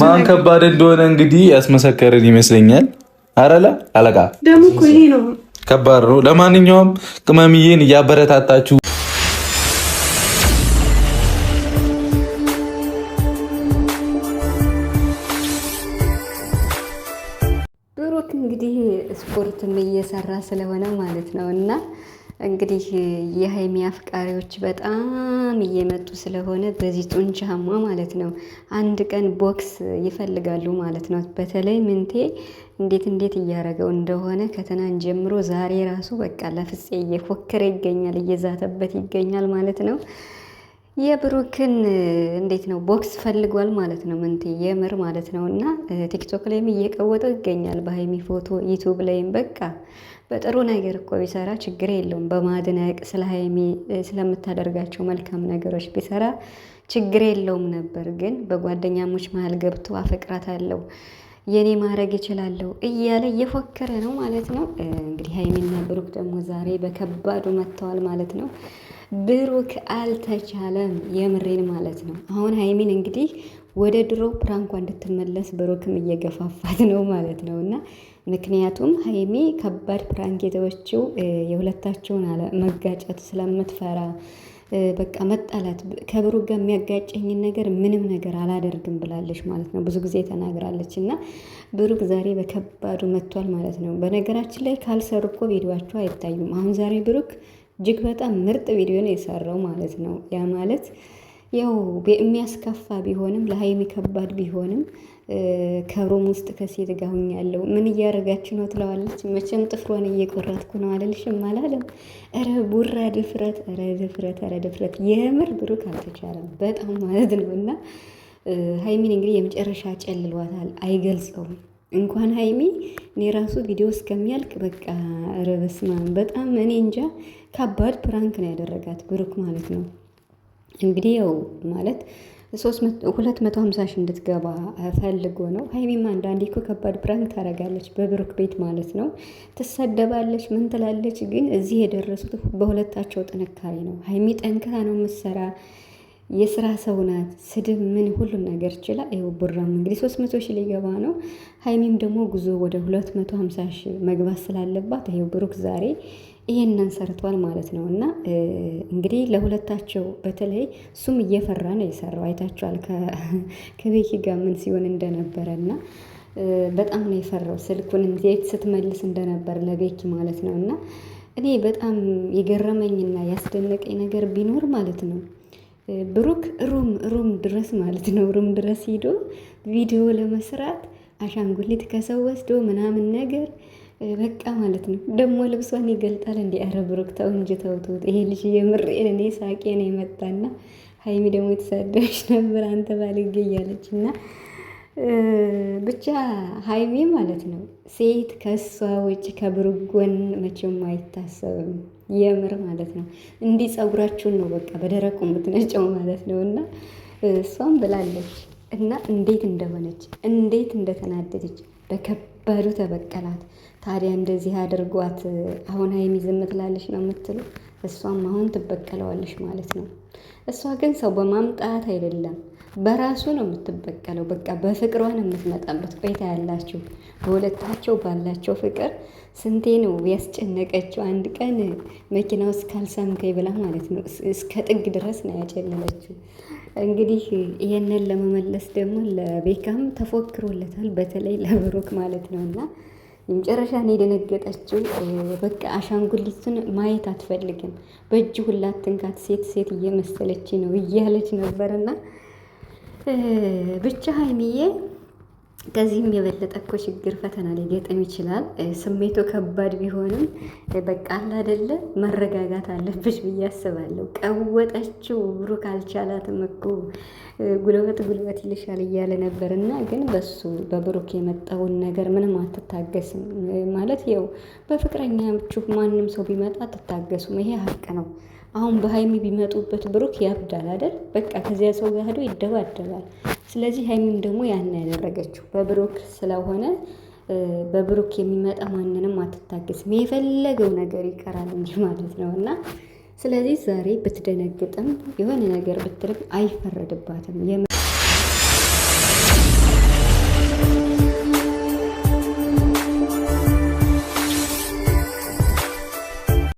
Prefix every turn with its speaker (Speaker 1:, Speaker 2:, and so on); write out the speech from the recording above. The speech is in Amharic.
Speaker 1: ማን ከባድ እንደሆነ እንግዲህ ያስመሰከርን ይመስለኛል። አረላ አለቃ
Speaker 2: ደግሞ እኮ ይሄ ነው
Speaker 1: ከባድ ነው። ለማንኛውም ቅመምዬን እያበረታታችሁ
Speaker 2: እንግዲህ ስፖርትም እየሰራ ስለሆነ ማለት ነው እና እንግዲህ የሀይሚ አፍቃሪዎች በጣም እየመጡ ስለሆነ በዚህ ጡንቻማ ማለት ነው አንድ ቀን ቦክስ ይፈልጋሉ ማለት ነው። በተለይ ምንቴ እንዴት እንዴት እያደረገው እንደሆነ ከትናንት ጀምሮ ዛሬ ራሱ በቃ ለፍፄ እየፎከረ ይገኛል፣ እየዛተበት ይገኛል ማለት ነው። የብሩክን እንዴት ነው ቦክስ ፈልጓል ማለት ነው። ምንት የምር ማለት ነው። እና ቲክቶክ ላይም እየቀወጠው ይገኛል በሀይሚ ፎቶ፣ ዩቱብ ላይም በቃ በጥሩ ነገር እኮ ቢሰራ ችግር የለውም። በማድነቅ ስለ ሀይሚ ስለምታደርጋቸው መልካም ነገሮች ቢሰራ ችግር የለውም ነበር። ግን በጓደኛሞች መሀል ገብቶ አፈቅራታለሁ የኔ ማድረግ ይችላለሁ እያለ እየፎከረ ነው ማለት ነው። እንግዲህ ሀይሚና ብሩክ ደግሞ ዛሬ በከባዱ መጥተዋል ማለት ነው። ብሩክ አልተቻለም። የምሬን ማለት ነው። አሁን ሀይሚን እንግዲህ ወደ ድሮ ፕራንኳ እንድትመለስ ብሩክም እየገፋፋት ነው ማለት ነው እና ምክንያቱም ሀይሚ ከባድ ፕራንክ የተወችው የሁለታቸውን አለ መጋጨት ስለምትፈራ በቃ መጣላት ከብሩክ ጋር የሚያጋጨኝን ነገር ምንም ነገር አላደርግም ብላለች ማለት ነው። ብዙ ጊዜ ተናግራለች እና ብሩክ ዛሬ በከባዱ መጥቷል ማለት ነው። በነገራችን ላይ ካልሰሩ እኮ ቪዲዮቸው አይታዩም። አሁን ዛሬ ብሩክ እጅግ በጣም ምርጥ ቪዲዮ ነው የሰራው ማለት ነው። ያ ማለት ያው የሚያስከፋ ቢሆንም ለሀይሚ ከባድ ቢሆንም ከሮም ውስጥ ከሴት ጋር ያለው ምን እያደረጋችሁ ነው ትለዋለች። መቼም ጥፍሯን እየቆረጥኩ ነው አለልሽም አላለም። ኧረ ቡራ ድፍረት፣ ኧረ ድፍረት፣ ኧረ ድፍረት! የምር ብሩክ አልተቻለም በጣም ማለት ነው። እና ሀይሚን እንግዲህ የመጨረሻ ጨልሏታል፣ አይገልጸውም እንኳን ሀይሚ እኔ ራሱ ቪዲዮ እስከሚያልቅ በቃ ኧረ በጣም እኔ እንጃ ከባድ ፕራንክ ነው ያደረጋት ብሩክ ማለት ነው። እንግዲህ ያው ማለት ሁለት መቶ ሀምሳ ሺህ እንድትገባ ፈልጎ ነው። ሀይሚማ አንዳንዴ እኮ ከባድ ፕራንክ ታደርጋለች በብሩክ ቤት ማለት ነው። ትሰደባለች፣ ምን ትላለች። ግን እዚህ የደረሱት በሁለታቸው ጥንካሬ ነው። ሀይሚ ጠንክራ ነው ምሰራ የስራ ሰው ናት። ስድብ ምን ሁሉም ነገር ችላ። ይኸው ቡራም እንግዲህ ሶስት መቶ ሺህ ሊገባ ነው። ሀይሚም ደግሞ ጉዞ ወደ ሁለት መቶ ሀምሳ ሺህ መግባት ስላለባት ይኸው ብሩክ ዛሬ ይሄንን ሰርቷል ማለት ነው። እና እንግዲህ ለሁለታቸው በተለይ እሱም እየፈራ ነው የሰራው። አይታችኋል ከቤኪ ጋር ምን ሲሆን እንደነበረ እና በጣም ነው የፈራው። ስልኩን እንዴት ስትመልስ እንደነበር ለቤኪ ማለት ነው። እና እኔ በጣም የገረመኝና ያስደነቀኝ ነገር ቢኖር ማለት ነው ብሩክ ሩም ሩም ድረስ ማለት ነው። ሩም ድረስ ሂዶ ቪዲዮ ለመስራት አሻንጉሊት ከሰው ወስዶ ምናምን ነገር በቃ ማለት ነው። ደግሞ ልብሷን ይገልጣል። እንዲ አረ ብሩክ ተው እንጂ ተውትት። ይሄ ልጅ የምሬን እኔ ሳቄ ነው የመጣና ሀይሚ ደግሞ የተሳደበች ነበር አንተ ባልጌ እያለች እና ብቻ ሀይሜ ማለት ነው ሴት ከእሷ ውጭ ከብሩክ ጎን መቼም አይታሰብም። የምር ማለት ነው እንዲህ ጸጉራችሁን ነው በቃ በደረቁ የምትነጨው ማለት ነው። እና እሷም ብላለች እና እንዴት እንደሆነች እንዴት እንደተናደደች በከባዱ ተበቀላት። ታዲያ እንደዚህ አድርጓት አሁን ሀይሚ ዝም ትላለች ነው የምትሉ? እሷም አሁን ትበቀለዋለች ማለት ነው። እሷ ግን ሰው በማምጣት አይደለም በራሱ ነው የምትበቀለው። በቃ በፍቅሯ ነው የምትመጣበት። ቆይታ ያላችሁ በሁለታቸው ባላቸው ፍቅር ስንቴ ነው ያስጨነቀችው። አንድ ቀን መኪና እስካልሰምከኝ ብላ ማለት ነው እስከ ጥግ ድረስ ነው ያጨለለችው። እንግዲህ ይህንን ለመመለስ ደግሞ ለቤካም ተፎክሮለታል፣ በተለይ ለብሩክ ማለት ነው እና መጨረሻ ነው የደነገጠችው። በቃ አሻንጉሊቱን ማየት አትፈልግም። በእጅ ሁላትንካት ሴት ሴት እየመሰለች ነው እያለች ነበርና ብቻ ሀይሚዬ ከዚህም የበለጠ እኮ ችግር ፈተና ሊገጥም ይችላል። ስሜቱ ከባድ ቢሆንም በቃ አይደለ መረጋጋት አለብሽ ብዬ አስባለሁ። ቀወጠችው ብሩክ አልቻላትም እኮ ጉልበት ጉልበት ይልሻል እያለ ነበር እና ግን በሱ በብሩክ የመጣውን ነገር ምንም አትታገስም ማለት ያው በፍቅረኛችሁ ማንም ሰው ቢመጣ አትታገሱም። ይሄ ሀቅ ነው። አሁን በሀይሚ ቢመጡበት ብሩክ ያብዳል አይደል? በቃ ከዚያ ሰው ጋር ሄዶ ይደባደባል። ስለዚህ ሀይሚም ደግሞ ያን ያደረገችው በብሩክ ስለሆነ በብሩክ የሚመጣ ማንንም አትታገስም። የፈለገው ነገር ይቀራል እንጂ ማለት ነው እና ስለዚህ ዛሬ ብትደነግጥም የሆነ ነገር ብትልም አይፈረድባትም።